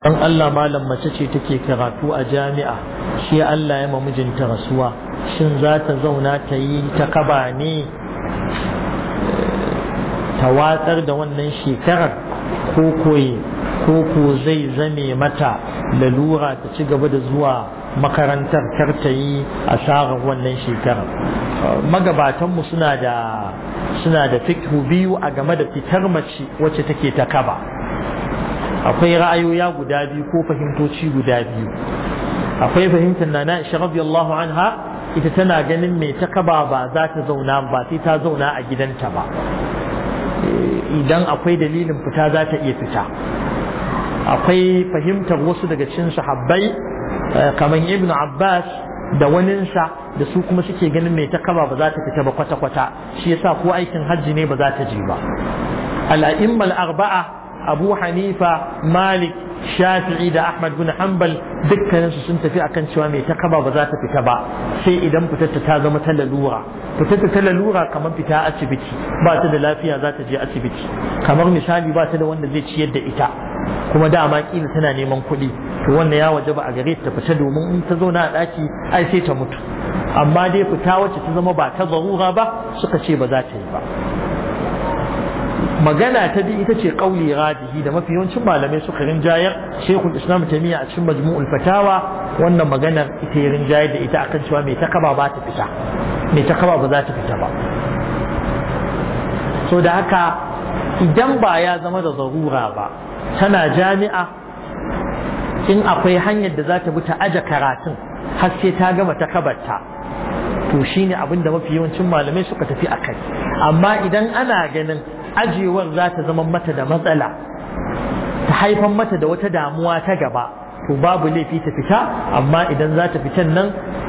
dan Allah malam mace ce take karatu a jami'a shi Allah ya ma mijinta rasuwa shin za ta zauna ta yi ta kaba ne ta watsar da wannan shekarar ko koyi ko ko zai zame mata lalura ta ci gaba da zuwa makarantar kar ta yi asarar wannan shekarar magabatanmu suna da suna da biyu a game da fitar mace wacce take ta kaba akwai ra'ayoya guda biyu ko fahimtoci guda biyu akwai fahimtar na na'isha radiyallahu anha ita tana ganin mai takaba ba za ta zauna ba sai ta zauna a gidanta ba idan akwai dalilin fita za ta iya fita akwai fahimtar wasu daga cikin sahabbai eh, kamar ibnu abbas da waninsa da su kuma suke ganin mai takaba ba za ta fita ba kwata-kwata shi yasa ko aikin hajji ne ba za ta je ba al'a'immal arba'a abu hanifa malik shafi'i da ahmad bin hanbal dukkaninsu sun tafi akan cewa mai ta kaba ba za ta fita ba sai idan fitarta ta zama ta lalura fitarta ta lalura kamar fita asibiti ba ta da lafiya za ta je asibiti kamar misali ba ta da wanda zai ciyar da ita kuma dama kila tana neman kuɗi to wannan ya waje ba a gare ta fita domin in ta zauna a ɗaki ai sai ta mutu amma dai fita wacce ta zama ba ta zarura ba suka ce ba za ta yi ba magana ta bi ita ce kauli radihi da mafi yawancin malamai suka rinjayar shekul islam taimiyya a cikin majmu'ul fatawa wannan maganar ita ya rinjayar da ita akan cewa mai kaba ba ta fita mai kaba ba za ta fita ba so da haka idan ba ya zama da zarura ba tana jami'a in akwai hanyar da za ta bi ta karatun har sai ta gama kabarta to shine abin da mafi yawancin malamai suka tafi akai amma idan ana ganin ajewar za ta zama mata da matsala ta haifan mata da wata damuwa ta gaba to babu laifi ta fita amma idan za ta nan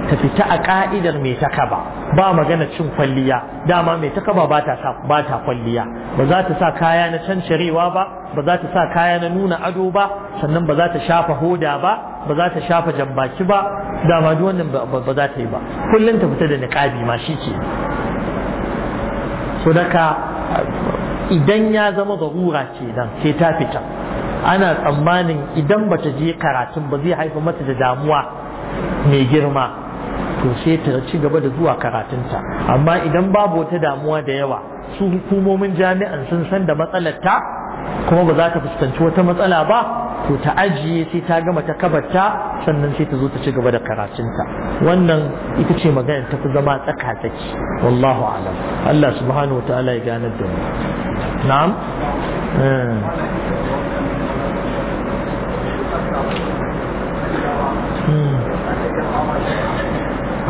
ta fita a ka'idar mai kaba. ba magana cin kwalliya dama mai takaba ba ta ba ta kwalliya ba za ta sa kaya na cancarewa ba ba za ta sa kaya na nuna ado ba sannan ba za ta shafa hoda ba ba za ta shafa jambaki ba dama duk wannan ba za ta yi ba kullum ta fita da niqabi ma shi ke so daga idan ya zama zarura ce dan sai ta fita ana tsammanin idan bata je karatun ba zai haifa mata da damuwa mai girma to sai ta ci gaba da zuwa karatunta amma idan babu wata damuwa da yawa su hukumomin jami'an sun san da matsalar ta kuma ba za ta fuskanci wata matsala ba to ta ajiye sai ta gama ta kabarta sannan sai ta zo ta ci gaba da karatunta wannan ita ce magana ta fi zama tsaka wallahu alam Allah subhanahu wa ta'ala ya ganar da mu na'am ko eh. hmm.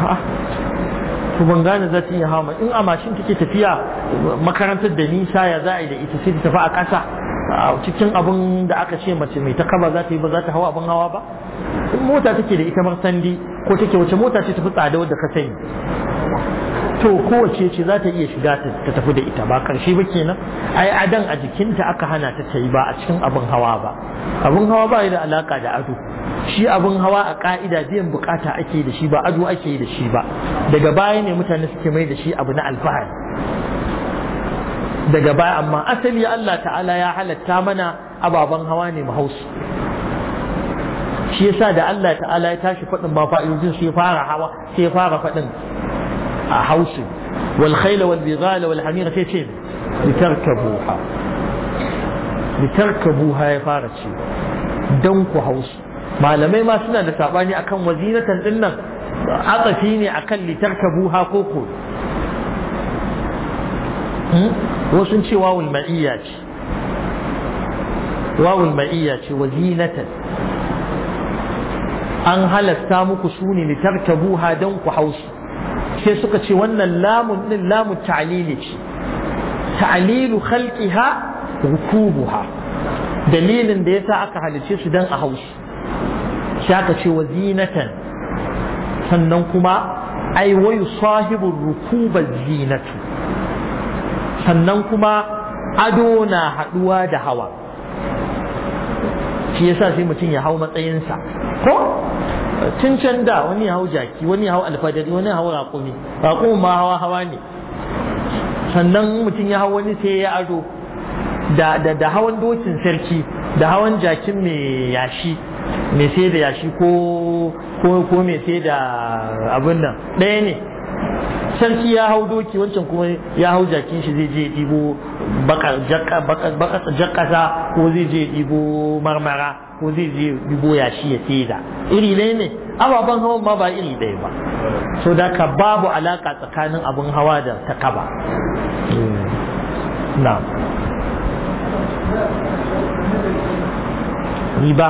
ah. ban gane za ta iya in a mashin take tafiya makarantar da nisa ya za a yi da ita sai ta tafi a ƙasa cikin abin da aka ce mace mai ta kaba za ta yi ba za ta hawa abin hawa ba in mota take da ita sandi ko take wace mota ce tafi tsada wadda ka sani to kowace ce za ta iya shiga ta tafi da ita ba karshe ba kenan yi adan a jikinta aka hana ta ta yi ba a cikin abin hawa ba abin hawa ba da alaka da ado shi abin hawa a ka'ida biyan bukata ake da shi ba ado ake da shi ba daga baya ne mutane suke mai da shi abu na alfahari daga baya amma asali Allah ta'ala ya halatta mana ababen hawa ne mu hausu shi yasa da Allah ta'ala ya tashi faɗin ba fa'idojin sai fara hawa sai fara faɗin a hausu wal khayla wal bighala wal hamira sai ce litarkabuha litarkabuha ya fara ce dan ku hausu malamai ma suna da sabani akan wazinatan din nan atsafi ne akan litarkabuha ko ko hmm? wasu ce wawul ma'iyya ce wawul ma'iyya ce wa zinatan an halatta muku su ne litarkabuha don ku hausu sai suka ce wannan lamun din lamun ta'lili ce ta'lilu khalqiha rukubuha dalilin da yasa aka halice su dan a hausu sai aka ce wa zinatan sannan kuma ai wayu sahibu rukuba zinatu sannan kuma ado na haɗuwa da hawa shi yasa sai mutum ya hau matsayinsa ko tun can da wani ya hau jaki wani ya hau alfadari wani ya hau raƙumi raƙumi ma hawa hawa ne sannan mutum ya hau wani sai ya ado da da hawan dokin sarki da hawan jakin mai yashi mai sai da yashi ko mai sai da abin nan ɗaya ne sarki ya hau doki wancan kuma ya hau jakin shi zai je ɗibo jakasa ko zai je ɗibo marmara ko zai je ɗibo yashi ya saida iri ɗaya ne ababen hawan ma ba iri ɗaya ba so da ka babu alaka tsakanin abin hawa da ta kaba hmm. na riba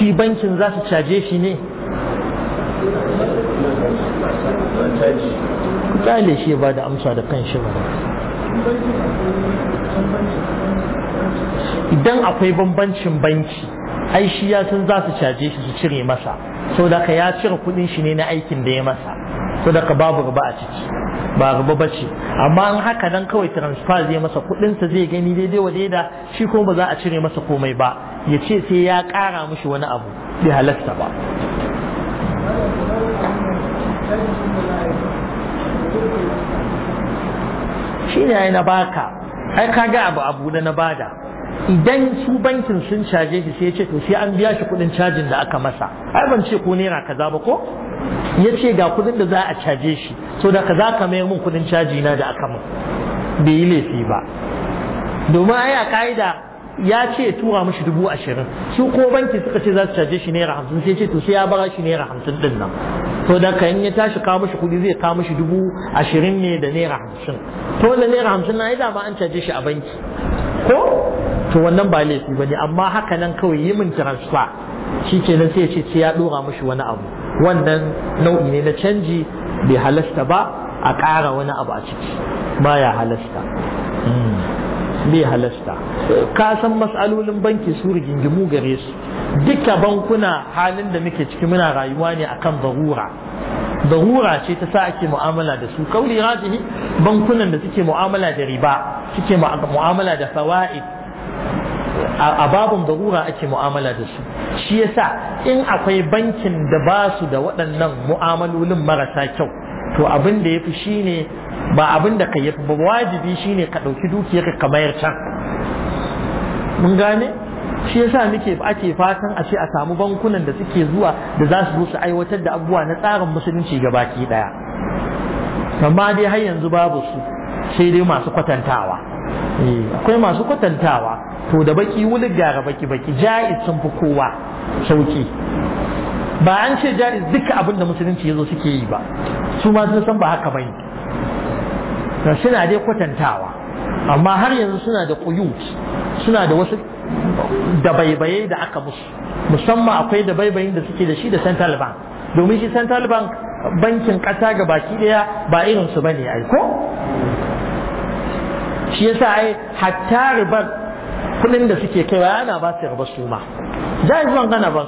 shi bankin za su caje shi ne ku kyale shi ba da amsa da kan shi ba idan akwai bambancin banki ai shi ya san za su caje shi su cire masa da ka ya cire kudin shi ne na aikin da ya masa da ka babu riba a ciki ba riba ba ce amma an haka nan kawai transfer zai masa kuɗinsa zai gani daidai wa daida shi ko ba za a cire masa komai ba ya ce sai ya ƙara mushi wani abu bi halatta ba shi ne na baka ai ka ga abu abu da na bada idan su bankin sun caje shi sai ya ce to sai an biya shi kudin cajin da aka masa ai ban ce ko naira kaza ba ko ya ce ga kudin da za a caje shi so da kaza ka mai mun kudin caji na da aka mun bai yi laifi ba domin ai a ka'ida ya ce ya tura mashi dubu ashirin su ko banki suka ce za su caje shi naira hamsin sai ce to sai ya bara shi naira hamsin din nan to da kayan ya tashi kawo mashi kuɗi zai kawo mashi dubu ashirin ne da naira hamsin to da naira hamsin na ya ba an caje shi a banki ko to wannan ba laifi ba ne amma haka nan kawai yi min transfer shi ke nan sai ya ce ya ɗora mashi wani abu wannan nau'i ne na canji bai halasta ba a ƙara wani abu a ciki baya halasta hmm. bai halasta ka san matsalolin banki su rigingimu gare su duka bankuna halin da muke ciki muna rayuwa ne akan barura barura ce ta sa ake mu'amala da su kauli rajihi bankunan da suke mu'amala da riba suke mu'amala da fawaid a babin barura ake mu'amala da su shi yasa in akwai bankin da ba su da waɗannan mu'amalolin marasa kyau to abin da ya fi shine ba abin da kai yafi ba wajibi shine ka ɗauki dukiyar ka mayar can mun gane shi yasa muke ake fatan a ce a samu bankunan da suke zuwa da za su zo su aiwatar da abubuwa na tsarin musulunci gabaki daya amma dai har yanzu babu su sai dai masu kwatantawa eh, akwai masu kwatantawa to da baki wulig gara baki baki ja'iz sun fi kowa sauki ba an ce ja'iz duka abin da musulunci ya zo suke yi ba su ma sun san ba haka bane to suna dai kwatantawa amma har yanzu suna da quyut suna da wasu baibaye da aka musu musamman akwai dabaibayin da suke da shi da central bank domin shi central bank bankin kasa ga baki daya ba irin su bane ai ko shi yasa ai hatta ribar kudin da suke kaiwa ana ba su riba su ma jaiz bank gana ba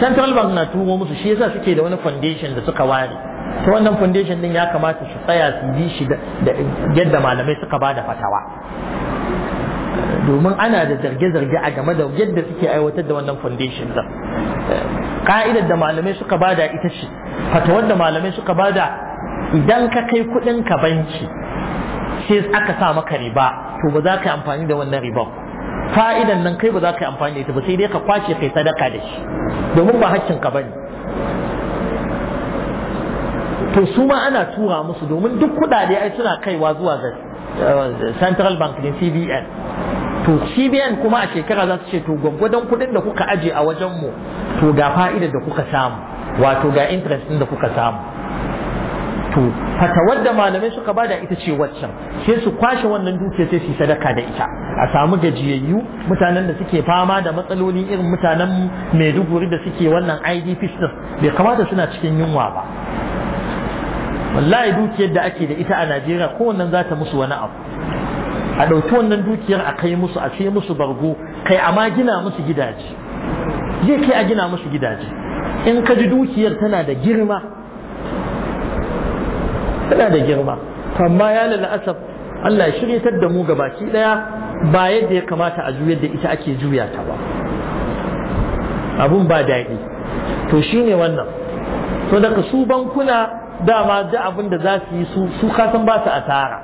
central bank na tuwo musu shi yasa suke da wani foundation da suka ware to wannan foundation din ya kamata su tsaya su bi shi da yadda malamai suka ba da fatawa domin ana da zarge-zarge a game da yadda suke aiwatar da wannan foundation din ka'idar da malamai suka ba da ita ce fatawar da malamai suka ba da idan ka kai kudin ka banki sai aka sa maka riba to ba za ka yi amfani da wannan riba fa'idan nan kai ba za ka yi amfani da ita ba sai dai ka kwace kai sadaka da shi domin ba hakkin ka bane to su ma ana tura musu domin duk kudade ai suna kaiwa zuwa ga uh, central bank ne cbn to cbn kuma a shekara za su ce to gwaggwadon kudin da kuka aje a wajen mu to ga fa'idar da kuka samu wato ga interest din da kuka samu to fata wadda malamai suka bada ita ce waccan sai su kwashe wannan dukiya sai su sadaka da ita a samu gajiyayyu mutanen da suke fama da matsaloli irin mutanen maiduguri da suke wannan idp din bai kamata suna cikin yunwa ba wallahi dukiyar da ake da ita a najeriya kowannan za ta musu wani abu a ɗauki wannan dukiyar a kai musu a sai musu bargo kai amma gina musu gidaje je kai a gina musu gidaje in ka ji dukiyar tana da girma tana da girma amma ya lalasa Allah ya tar da mu gabaki daya ba yadda ya kamata a juyar da ita ake juya ta ba abun ba daɗi to shine wannan to daga su bankuna dama duk abin da za su yi su su kasan ba su asara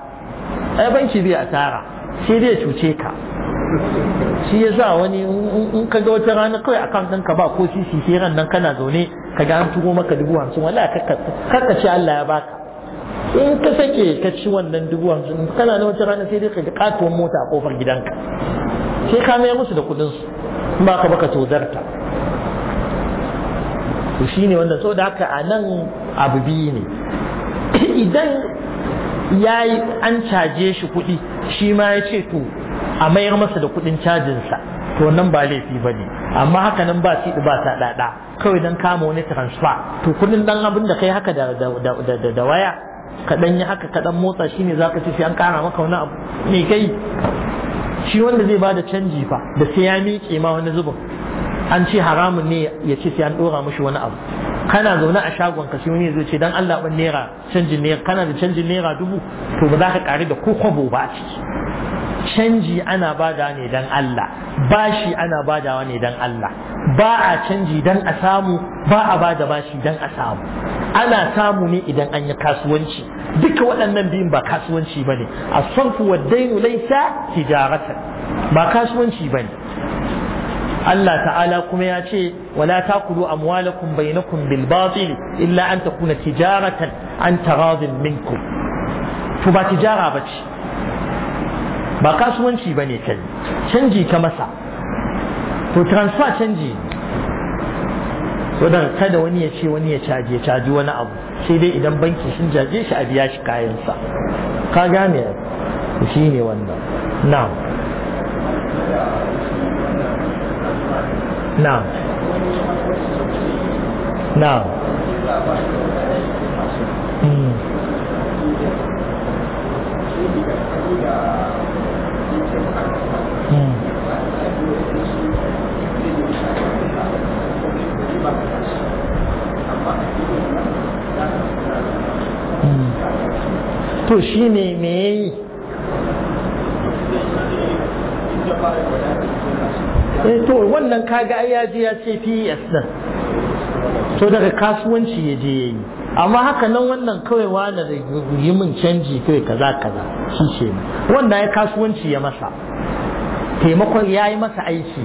ai banki bai asara sai zai cuce ka shi ya sa wani in ka ga wata rana kawai a kan ba ko shi sai ran nan kana zaune ka ga an tugo maka dubu hamsin wala kakka ce Allah ya baka in ka sake ka ci wannan dubu hamsin kana na wata rana sai dai ka ga katuwar mota a kofar gidanka sai ka mai musu da kuɗin su ba ka baka tozarta to shine wannan saboda haka a nan abu biyu ne idan ya yi an caje shi kuɗi shi ma ya ce to a mayar masa da kuɗin cajinsa to nan ba laifi ba ne amma haka nan ba siɗi ba ta ɗaɗa kawai don kama wani transfer to kuɗin ɗan abin da kai haka da waya kaɗan yi haka kaɗan motsa shi ne za ka ce sai an ƙara maka wani abu me kai shi wanda zai ba da canji fa da sai ya miƙe ma wani zubin an ce haramun ne ya ce sai an ɗora mashi wani abu kana zaune a shagon ka sai wani zai ce dan Allah ban naira canjin naira kana da canjin naira dubu to ba za ka kare da ko kwabo ba a ciki canji ana bada ne dan Allah bashi ana badawa ne dan Allah ba a canji dan a samu ba a bada bashi dan a samu ana samu ne idan an yi kasuwanci duka waɗannan biyun ba kasuwanci bane a sarfu wad-dainu laysa tijaratan ba kasuwanci bane Allah ta'ala kuma ya ce wala takulu amwalakum bainakum bil batil illa an takuna tijaratan an taradin minkum to ba tijara bace ba kasuwanci bane kai canji ta masa to transfer canji so dan kada wani ya ce wani ya caje caji wani abu sai dai idan banki sun jaje shi a biya shi kayansa ka gane shi ne wannan na'am na'am na'am hmm. Hmm. Hmm. shi ne me yi eh to wannan kaga ai yaje ya ce PS din to daga kasuwanci ya je yayi amma haka nan wannan kawai wani da yi min canji kai kaza kaza shi ce wannan ya kasuwanci ya masa taimakon ya masa aiki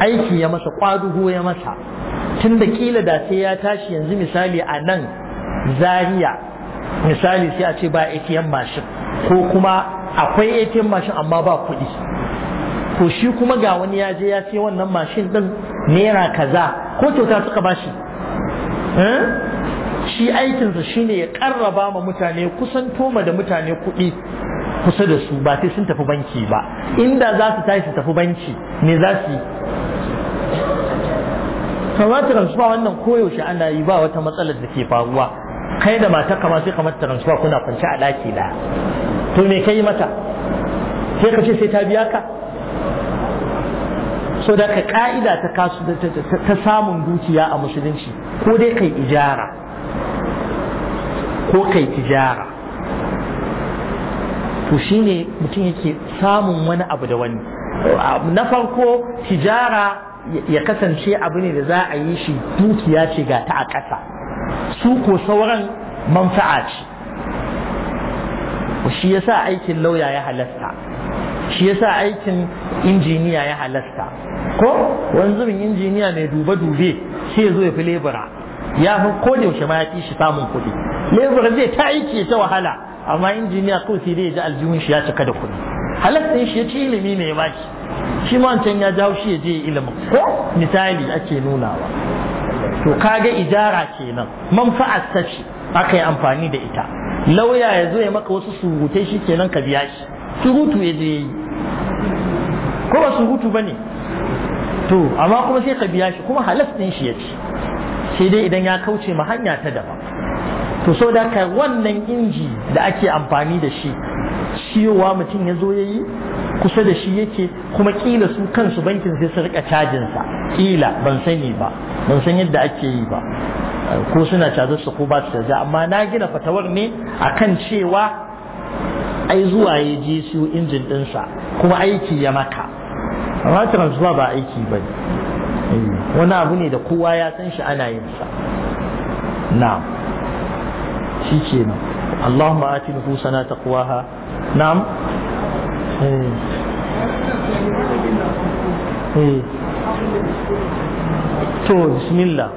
aiki ya masa kwadugo ya masa tun da kila da sai ya tashi yanzu misali a nan Zariya, misali sai a ce ba ATM mashin ko kuma akwai ATM mashin amma ba kuɗi to shi kuma ga wani ya je ya ce wannan mashin din naira kaza ko kyauta suka bashi eh? shi aikinsa shine ya karraba ma mutane kusan toma da mutane kuɗi kusa da su ba sai sun tafi banki ba inda za su tashi tafi banki me za su yi kamar wannan koyaushe ana yi ba wata matsalar da ke faruwa kai da mata kama sai kamar transfer kuna kwance a ɗaki da to me kai mata sai ka ce sai ta biya ka so da ka ka'ida ta samun dukiya a musulunci ko dai kai ijara ko kai tijara to shi ne mutum yake samun wani abu da wani na farko tijara ya kasance abu ne da za a yi shi dukiya ce ga ta a ƙasa su ko sauran manfa'a ce shi yasa aikin lauya ya halasta shi yasa aikin injiniya ya halasta ko wani zubin injiniya mai dube-dube sai zo ya fi lebura ya fi ko da yaushe ma ya fi shi samun kuɗi lebura zai ta aiki ta wahala amma injiniya kawai sai dai ya ji aljihun shi ya cika da kuɗi halasta shi ya ci ilimi mai bashi shi ma wancan ya jawo shi ya je ilimin ko misali ake nunawa to kaga ijara kenan manfa'ar ta ce aka yi amfani da ita lauya ya zo ya maka wasu surutai shi kenan ka biya shi surutu ya je yi ko ba surutu ba ne to amma kuma sai ka biya shi kuma halas ɗin shi ya ci sai dai idan ya kauce ma hanya ta daban to so da ka wannan inji da ake amfani da shi ciyowa mutum ya zo ya yi kusa da shi yake kuma kila su kansu bankin sai su rika sa. kila ban sani ba ban san yadda ake yi ba ko suna cajin su ko ba su amma na gina fatawar ne akan cewa ai zuwa ya je siyo injin ɗinsa kuma aiki ya maka amma transfer ba aiki ba ne eh, wani abu ne da kowa ya san shi ana yin sa na'am shi ke nan Allahumma ati kowa ha. na'am eh. Eh. to bismillah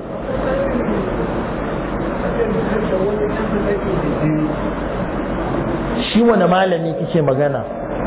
shi wani malami kike magana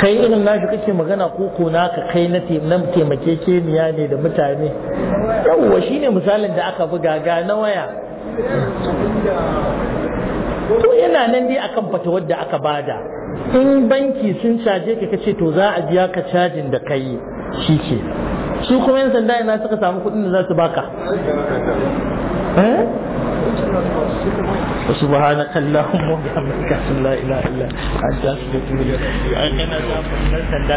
kai irin nashi kake magana ko ko naka kai na taimake niya ne da mutane yawwa ne misalin da aka buga ga na waya to yana nan dai akan fata wadda aka bada in banki sun caje ka kace to za a biya ka cajin da kai shi ke su kuma yan sanda ina suka samu kuɗin da za su baka eh? وسبحانك اللهم وبحمدك لا اله الا انت استغفرك